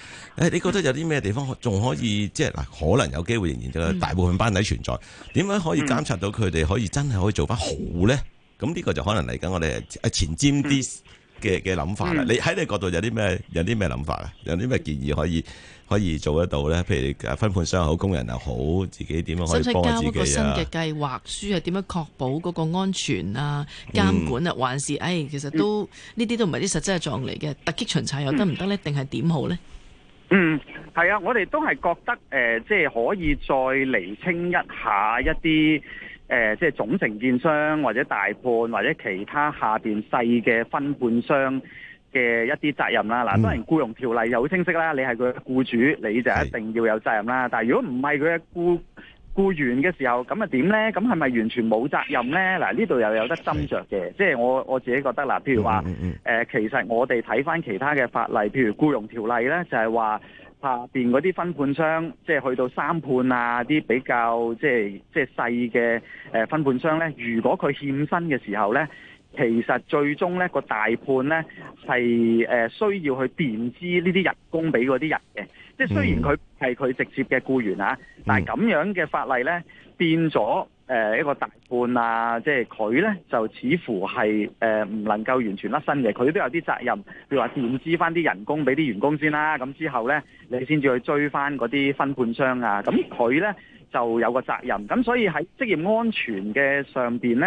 你覺得有啲咩地方仲可以即係嗱，可能有機會仍然有大部分班底存在？點、嗯、樣可以監察到佢哋可以真係可以做翻好咧？咁、嗯、呢、嗯、個就可能嚟緊我哋前瞻啲。嗯嘅嘅諗法啦、嗯，你喺你角度有啲咩有啲咩諗法啊？有啲咩建議可以可以做得到咧？譬如誒分判商好工人又好，自己點樣可以幫自己交、啊、一個新嘅計劃書啊？點樣確保嗰個安全啊、監管啊？嗯、還是誒、哎，其實都呢啲都唔係啲實質嘅狀嚟嘅，突擊巡查又得唔得呢？定係點好咧？嗯，係、嗯、啊，我哋都係覺得誒、呃，即係可以再釐清一下一啲。誒、呃，即係總承建商或者大判或者其他下邊細嘅分判商嘅一啲責任啦。嗱，當然僱傭條例又好清晰啦，你係佢僱主，你就一定要有責任啦。但係如果唔係佢嘅僱僱員嘅時候，咁啊點呢？咁係咪完全冇責任呢？嗱，呢度又有得斟酌嘅。即係我我自己覺得啦，譬如話誒、嗯嗯嗯嗯呃，其實我哋睇翻其他嘅法例，譬如僱傭條例呢，就係話。下邊嗰啲分判商，即係去到三判啊，啲比較即係即係細嘅誒分判商咧，如果佢欠薪嘅時候咧，其實最終咧、個大判咧係誒需要去墊資呢啲人工俾嗰啲人嘅，即係雖然佢係佢直接嘅僱員啊，但係咁樣嘅法例咧變咗。誒、呃、一個大判啊，即係佢呢，就似乎係誒唔能夠完全甩身嘅，佢都有啲責任，譬如話墊支翻啲人工俾啲員工先啦，啊，咁之後呢，你先至去追翻嗰啲分判商啊，咁佢呢，就有個責任，咁所以喺職業安全嘅上面呢，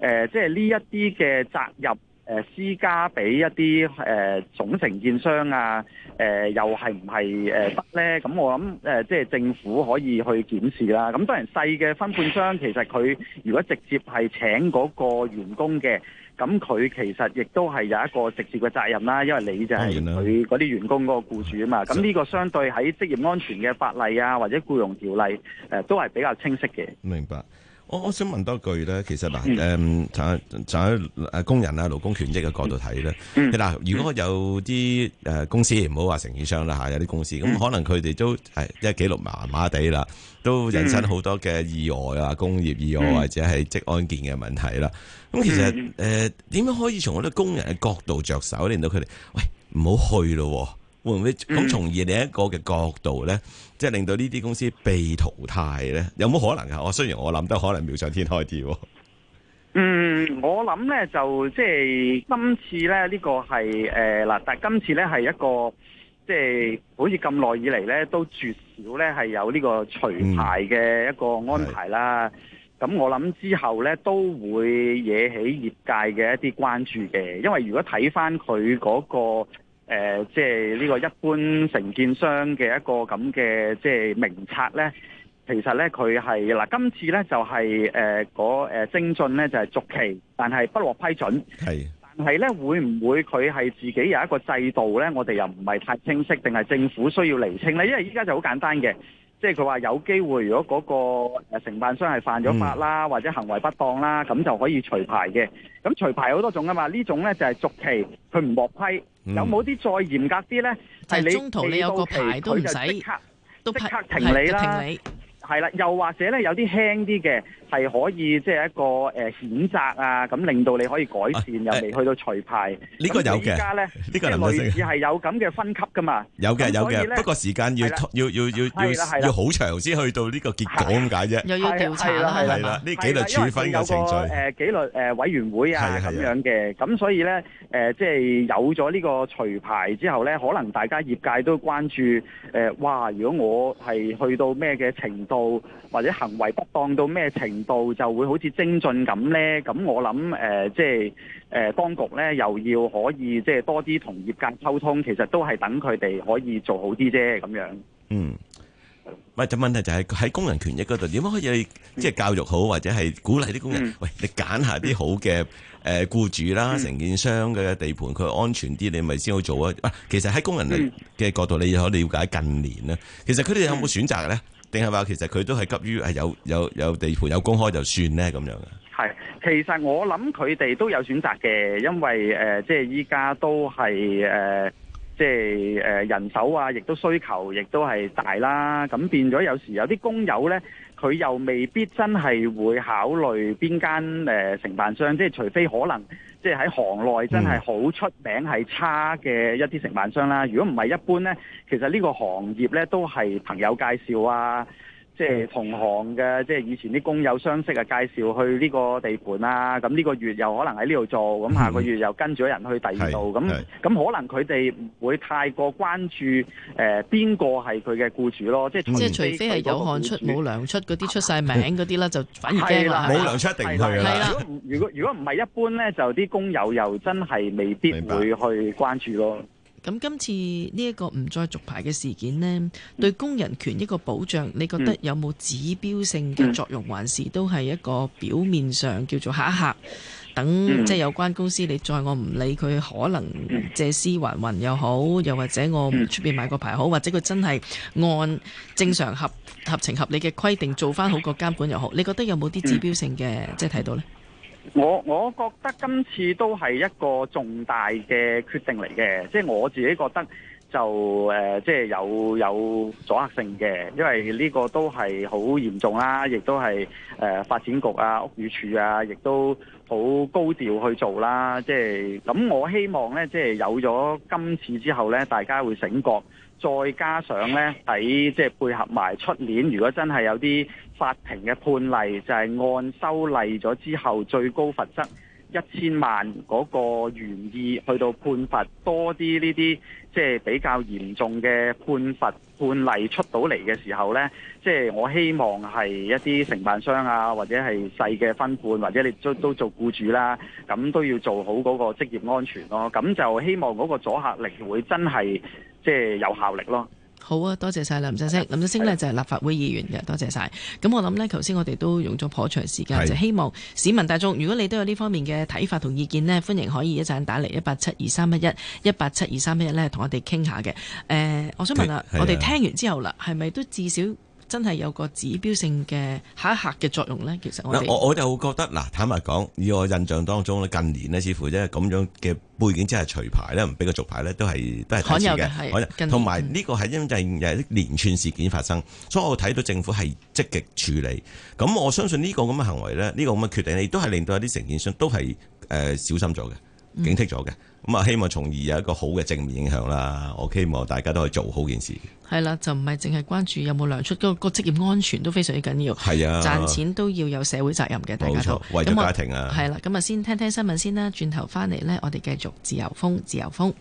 誒、呃、即係呢一啲嘅責任。誒私家俾一啲誒、呃、總承建商啊，誒、呃、又係唔係誒得咧？咁、呃、我諗誒，即、呃、係政府可以去檢視啦。咁當然細嘅分判商，其實佢如果直接係請嗰個員工嘅，咁佢其實亦都係有一個直接嘅責任啦。因為你就係佢嗰啲員工嗰個僱主啊嘛。咁呢個相對喺職業安全嘅法例啊，或者僱傭條例誒、呃，都係比較清晰嘅。明白。我我想問多句咧，其實嗱，就喺就喺工人啊、勞工權益嘅角度睇咧，嗱，如果有啲公司唔好話承建商啦嚇，有啲公司咁可能佢哋都係即係記錄麻麻地啦，都引申好多嘅意外啊、工業意外或者係職安健嘅問題啦。咁其實誒點樣可以從我啲工人嘅角度着手，令到佢哋，喂，唔好去咯。會唔會咁從而另一個嘅角度咧、嗯，即係令到呢啲公司被淘汰咧？有冇可能㗎？我雖然我諗都可能妙想天開啲。嗯，我諗咧就即係今次咧呢個係嗱、呃，但係今次咧係一個即係好似咁耐以嚟咧都絕少咧係有呢個除牌嘅一個安排、嗯、啦。咁我諗之後咧都會惹起業界嘅一啲關注嘅，因為如果睇翻佢嗰個。誒、呃，即係呢個一般承建商嘅一個咁嘅即係名冊呢，其實呢，佢係嗱今次呢，就係誒嗰誒精進呢，就係、係、續期，但係不獲批准。但係呢，會唔會佢係自己有一個制度呢？我哋又唔係太清晰，定係政府需要釐清呢？因為依家就好簡單嘅。即係佢話有機會，如果嗰個承辦商係犯咗法啦、嗯，或者行為不當啦，咁就可以除牌嘅。咁除牌好多種啊嘛，呢種咧就係續期，佢唔獲批。嗯、有冇啲再嚴格啲咧？就係、是、中途你有個牌都唔使，都即刻停你啦。係啦，又或者咧有啲輕啲嘅。係可以即係一個誒譴責啊，咁令到你可以改善，又未去到除牌。呢、啊欸呢個有嘅，呢係類似係有咁嘅分級噶嘛、嗯。有嘅有嘅，不過時間要、嗯、要要要要好長先去到呢個結果咁解啫。又要調查啦係啦，呢紀律處分嘅程序。誒、呃、紀律誒委員會啊咁樣嘅，咁、嗯、所以咧即係有咗呢個除牌之後咧，可能大家業界都關注、呃、嘩，哇！如果我係去到咩嘅程度？或者行為不當到咩程度就會好似精進咁呢？咁我諗誒，即係誒當局呢又要可以即係多啲同業界溝通，其實都係等佢哋可以做好啲啫咁樣。嗯，唔係就問題就係喺工人權益嗰度，點樣可以即係教育好，或者係鼓勵啲工人？喂，你揀下啲好嘅誒僱主啦、承建商嘅地盤，佢安全啲，你咪先好做啊！喂，其實喺工人嘅角度，你可以瞭解近年呢，其實佢哋有冇選擇呢？定係話？其實佢都係急於係有有有地盤有工開就算呢咁樣嘅。係，其實我諗佢哋都有選擇嘅，因為誒，即係依家都係誒，即係誒人手啊，亦都需求，亦都係大啦。咁變咗有時有啲工友呢。佢又未必真係會考慮邊間誒承辦商，即係除非可能，即係喺行內真係好出名係差嘅一啲承辦商啦。如果唔係一般呢，其實呢個行業呢都係朋友介紹啊。即係同行嘅，即係以前啲工友相識啊，介紹去呢個地盤啊，咁呢個月又可能喺呢度做，咁下個月又跟住人去第二度，咁、嗯、咁可能佢哋唔會太過關注誒邊個係佢嘅僱主咯，即係除非係、嗯、有汗出冇糧、那個、出嗰啲出晒名嗰啲啦就反而驚啦。冇糧出一定去啦。如果唔如果如果唔係一般咧，就啲工友又真係未必會去關注咯。咁今次呢一個唔再續牌嘅事件呢，對工人權益個保障，你覺得有冇指標性嘅作用，還是都係一個表面上叫做嚇嚇等，即係有關公司你再我唔理佢，可能借屍還魂又好，又或者我出面買個牌好，或者佢真係按正常合合情合理嘅規定做翻好個監管又好，你覺得有冇啲指標性嘅，即係睇到呢？我我覺得今次都係一個重大嘅決定嚟嘅，即係我自己覺得就誒，即係有有阻嚇性嘅，因為呢個都係好嚴重啦，亦都係誒發展局啊、屋宇署啊，亦都好高調去做啦，即係咁我希望呢，即係有咗今次之後呢，大家會醒覺。再加上呢，喺即係配合埋出年，如果真係有啲法庭嘅判例，就係按修例咗之後最高罰則。一千萬嗰個願意，去到判罰多啲呢啲，即係比較嚴重嘅判罰判例出到嚟嘅時候呢，即係我希望係一啲承辦商啊，或者係細嘅分判，或者你都都做僱主啦，咁都要做好嗰個職業安全咯。咁就希望嗰個阻嚇力會真係即係有效力咯。好啊，多謝晒啦，林振昇。林振昇呢就係立法會議員嘅，多謝晒。咁我諗呢，頭先我哋都用咗頗長時間，就希望市民大眾，如果你都有呢方面嘅睇法同意見呢，歡迎可以一陣打嚟一八七二三一一，一八七二三一一呢同我哋傾下嘅。誒，我想問下，啊，我哋聽完之後啦，係咪都至少，真係有個指標性嘅下一刻嘅作用咧，其實我我我就覺得嗱，坦白講，以我印象當中咧，近年咧似乎即係咁樣嘅背景，即係除牌咧，唔俾佢續牌咧，都係都係罕有嘅，同埋呢個係因為誒一連串事件發生，所以我睇到政府係積極處理。咁我相信呢個咁嘅行為咧，呢、呢個咁嘅決定亦都係令到一啲承建商都係、呃、小心咗嘅。警惕咗嘅，咁、嗯、啊希望從而有一個好嘅正面影響啦。我希望大家都可以做好件事。係啦，就唔係淨係關注有冇糧出，個個職業安全都非常之緊要。係啊的，賺錢都要有社會責任嘅，冇錯大家都為咗家庭呀。係啦，咁啊先聽聽新聞先啦，轉頭翻嚟呢，我哋繼續自由風，自由風。